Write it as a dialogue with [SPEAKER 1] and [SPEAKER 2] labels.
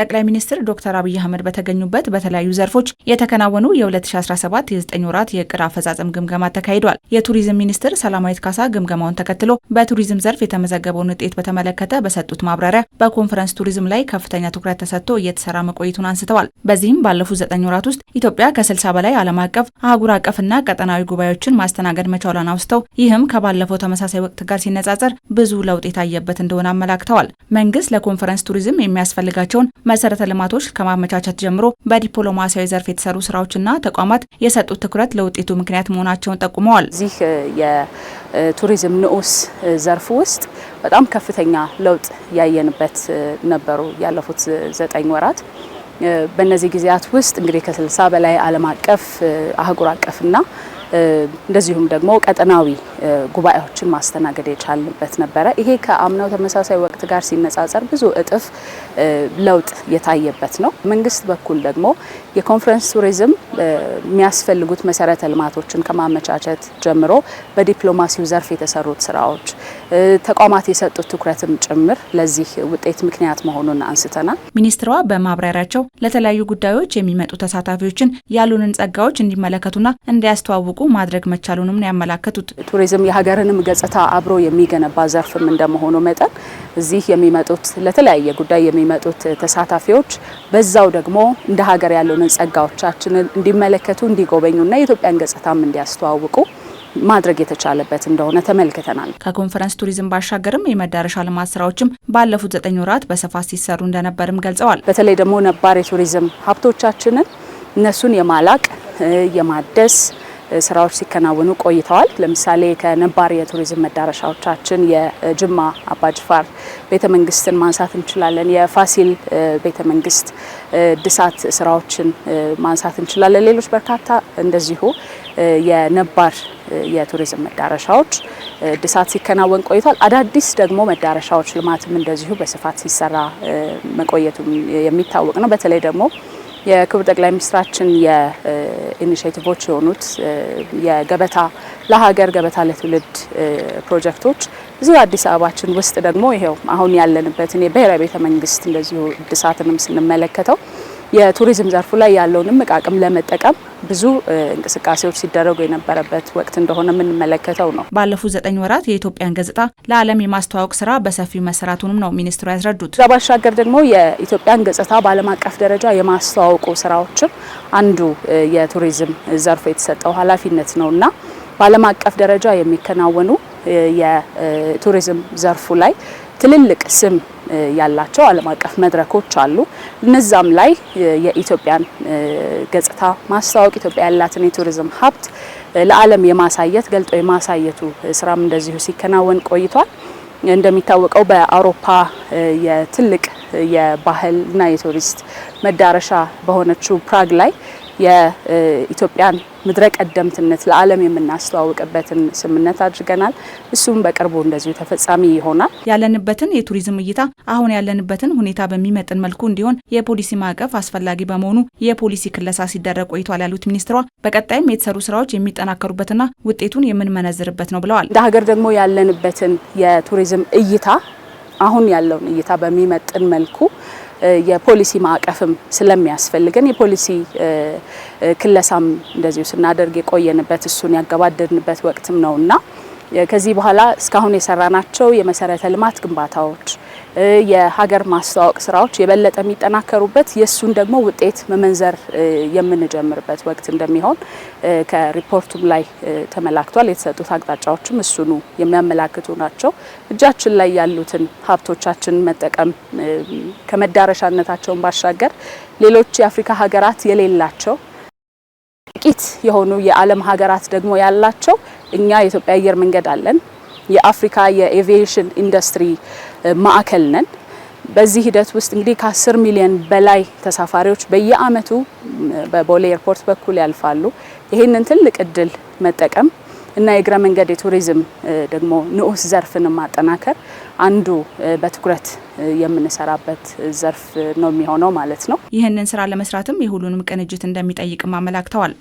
[SPEAKER 1] ጠቅላይ ሚኒስትር ዶክተር አብይ አህመድ በተገኙበት በተለያዩ ዘርፎች የተከናወኑ የ2017 የ9 ወራት የእቅድ አፈጻጸም ግምገማ ተካሂዷል። የቱሪዝም ሚኒስትር ሰላማዊት ካሳ ግምገማውን ተከትሎ በቱሪዝም ዘርፍ የተመዘገበውን ውጤት በተመለከተ በሰጡት ማብራሪያ በኮንፈረንስ ቱሪዝም ላይ ከፍተኛ ትኩረት ተሰጥቶ እየተሰራ መቆየቱን አንስተዋል። በዚህም ባለፉት 9 ወራት ውስጥ ኢትዮጵያ ከ60 በላይ ዓለም አቀፍ፣ አህጉር አቀፍና ቀጠናዊ ጉባኤዎችን ማስተናገድ መቻሏን አውስተው ይህም ከባለፈው ተመሳሳይ ወቅት ጋር ሲነጻጸር ብዙ ለውጥ የታየበት እንደሆነ አመላክተዋል። መንግስት ለኮንፈረንስ ቱሪዝም የሚያስፈልጋቸውን መሰረተ ልማቶች ከማመቻቸት ጀምሮ በዲፕሎማሲያዊ ዘርፍ የተሰሩ ስራዎችና ተቋማት የሰጡት ትኩረት ለውጤቱ ምክንያት መሆናቸውን ጠቁመዋል።
[SPEAKER 2] እዚህ የቱሪዝም ንዑስ ዘርፍ ውስጥ በጣም ከፍተኛ ለውጥ ያየንበት ነበሩ ያለፉት ዘጠኝ ወራት። በእነዚህ ጊዜያት ውስጥ እንግዲህ ከስልሳ በላይ ዓለም አቀፍ አህጉር አቀፍና እንደዚሁም ደግሞ ቀጠናዊ ጉባኤዎችን ማስተናገድ የቻልንበት ነበረ። ይሄ ከአምናው ተመሳሳይ ወቅት ጋር ሲነጻጸር ብዙ እጥፍ ለውጥ የታየበት ነው። መንግስት በኩል ደግሞ የኮንፈረንስ ቱሪዝም የሚያስፈልጉት መሰረተ ልማቶችን ከማመቻቸት ጀምሮ በዲፕሎማሲው ዘርፍ የተሰሩት ስራዎች ተቋማት የሰጡት ትኩረትም ጭምር ለዚህ ውጤት ምክንያት መሆኑን አንስተናል።
[SPEAKER 1] ሚኒስትሯ በማብራሪያቸው ለተለያዩ ጉዳዮች የሚመጡ ተሳታፊዎችን ያሉንን ጸጋዎች እንዲመለከቱና እንዲያስተዋውቁ ማድረግ መቻሉንም ነው ያመላከቱት።
[SPEAKER 2] ቱሪዝም የሀገርንም ገጽታ አብሮ የሚገነባ ዘርፍም እንደመሆኑ መጠን እዚህ የሚመጡት ለተለያየ ጉዳይ የሚመጡት ተሳታፊዎች በዛው ደግሞ እንደ ሀገር ያሉንን ጸጋዎቻችንን እንዲመለከቱ እንዲጎበኙና የኢትዮጵያን ገጽታም እንዲያስተዋውቁ ማድረግ የተቻለበት እንደሆነ ተመልክተናል።
[SPEAKER 1] ከኮንፈረንስ ቱሪዝም ባሻገርም የመዳረሻ ልማት ስራዎችም ባለፉት ዘጠኝ ወራት በስፋት ሲሰሩ እንደነበርም ገልጸዋል።
[SPEAKER 2] በተለይ ደግሞ ነባር የቱሪዝም ሀብቶቻችንን እነሱን የማላቅ የማደስ ስራዎች ሲከናወኑ ቆይተዋል። ለምሳሌ ከነባር የቱሪዝም መዳረሻዎቻችን የጅማ አባጅፋር ቤተ መንግስትን ማንሳት እንችላለን። የፋሲል ቤተ መንግስት እድሳት ስራዎችን ማንሳት እንችላለን። ሌሎች በርካታ እንደዚሁ የነባር የቱሪዝም መዳረሻዎች እድሳት ሲከናወን ቆይቷል። አዳዲስ ደግሞ መዳረሻዎች ልማትም እንደዚሁ በስፋት ሲሰራ መቆየቱ የሚታወቅ ነው። በተለይ ደግሞ የክቡር ጠቅላይ ሚኒስትራችን የኢኒሽቲቮች የሆኑት የገበታ ለሀገር ገበታ ለትውልድ ፕሮጀክቶች እዚሁ አዲስ አበባችን ውስጥ ደግሞ ይሄው አሁን ያለንበት የብሔራዊ ብሔራዊ ቤተ መንግስት እንደዚሁ እድሳትንም ስንመለከተው የቱሪዝም ዘርፉ ላይ ያለውንም አቅም ለመጠቀም ብዙ እንቅስቃሴዎች ሲደረጉ የነበረበት ወቅት እንደሆነ የምንመለከተው ነው።
[SPEAKER 1] ባለፉት ዘጠኝ ወራት የኢትዮጵያን ገጽታ ለዓለም የማስተዋወቅ ስራ በሰፊው መሰራቱንም ነው ሚኒስትሩ ያስረዱት።
[SPEAKER 2] ከዛ ባሻገር ደግሞ የኢትዮጵያን ገጽታ በዓለም አቀፍ ደረጃ የማስተዋወቁ ስራዎችም አንዱ የቱሪዝም ዘርፉ የተሰጠው ኃላፊነት ነው እና በዓለም አቀፍ ደረጃ የሚከናወኑ የቱሪዝም ዘርፉ ላይ ትልልቅ ስም ያላቸው ዓለም አቀፍ መድረኮች አሉ። እነዛም ላይ የኢትዮጵያን ገጽታ ማስተዋወቅ ኢትዮጵያ ያላትን የቱሪዝም ሀብት ለዓለም የማሳየት ገልጦ የማሳየቱ ስራም እንደዚሁ ሲከናወን ቆይቷል። እንደሚታወቀው በአውሮፓ የትልቅ የባህልና የቱሪስት መዳረሻ በሆነችው ፕራግ ላይ የኢትዮጵያን ምድረ ቀደምትነት ለዓለም የምናስተዋውቅበትን ስምምነት አድርገናል። እሱም በቅርቡ እንደዚሁ ተፈጻሚ ይሆናል።
[SPEAKER 1] ያለንበትን የቱሪዝም እይታ አሁን ያለንበትን ሁኔታ በሚመጥን መልኩ እንዲሆን የፖሊሲ ማዕቀፍ አስፈላጊ በመሆኑ የፖሊሲ ክለሳ ሲደረግ ቆይቷል ያሉት ሚኒስትሯ በቀጣይም የተሰሩ ስራዎች የሚጠናከሩበትና ውጤቱን የምንመነዝርበት ነው ብለዋል።
[SPEAKER 2] እንደ ሀገር ደግሞ ያለንበትን የቱሪዝም እይታ አሁን ያለውን እይታ በሚመጥን መልኩ የፖሊሲ ማዕቀፍም ስለሚያስፈልገን የፖሊሲ ክለሳም እንደዚሁ ስናደርግ የቆየንበት እሱን ያገባደድንበት ወቅትም ነውና ከዚህ በኋላ እስካሁን የሰራናቸው የመሰረተ ልማት ግንባታዎች የሀገር ማስተዋወቅ ስራዎች የበለጠ የሚጠናከሩበት የእሱን ደግሞ ውጤት መመንዘር የምንጀምርበት ወቅት እንደሚሆን ከሪፖርቱም ላይ ተመላክቷል። የተሰጡት አቅጣጫዎችም እሱኑ የሚያመላክቱ ናቸው። እጃችን ላይ ያሉትን ሀብቶቻችን መጠቀም ከመዳረሻነታቸውን ባሻገር ሌሎች የአፍሪካ ሀገራት የሌላቸው ጥቂት የሆኑ የዓለም ሀገራት ደግሞ ያላቸው እኛ የኢትዮጵያ አየር መንገድ አለን። የአፍሪካ የኤቪዬሽን ኢንዱስትሪ ማዕከል ነን። በዚህ ሂደት ውስጥ እንግዲህ ከ10 ሚሊዮን በላይ ተሳፋሪዎች በየአመቱ በቦሌ ኤርፖርት በኩል ያልፋሉ። ይህንን ትልቅ እድል መጠቀም እና የእግረ መንገድ የቱሪዝም ደግሞ ንዑስ ዘርፍን ማጠናከር አንዱ በትኩረት የምንሰራበት ዘርፍ ነው የሚሆነው ማለት ነው።
[SPEAKER 1] ይህንን ስራ ለመስራትም የሁሉንም ቅንጅት እንደሚጠይቅም አመላክተዋል።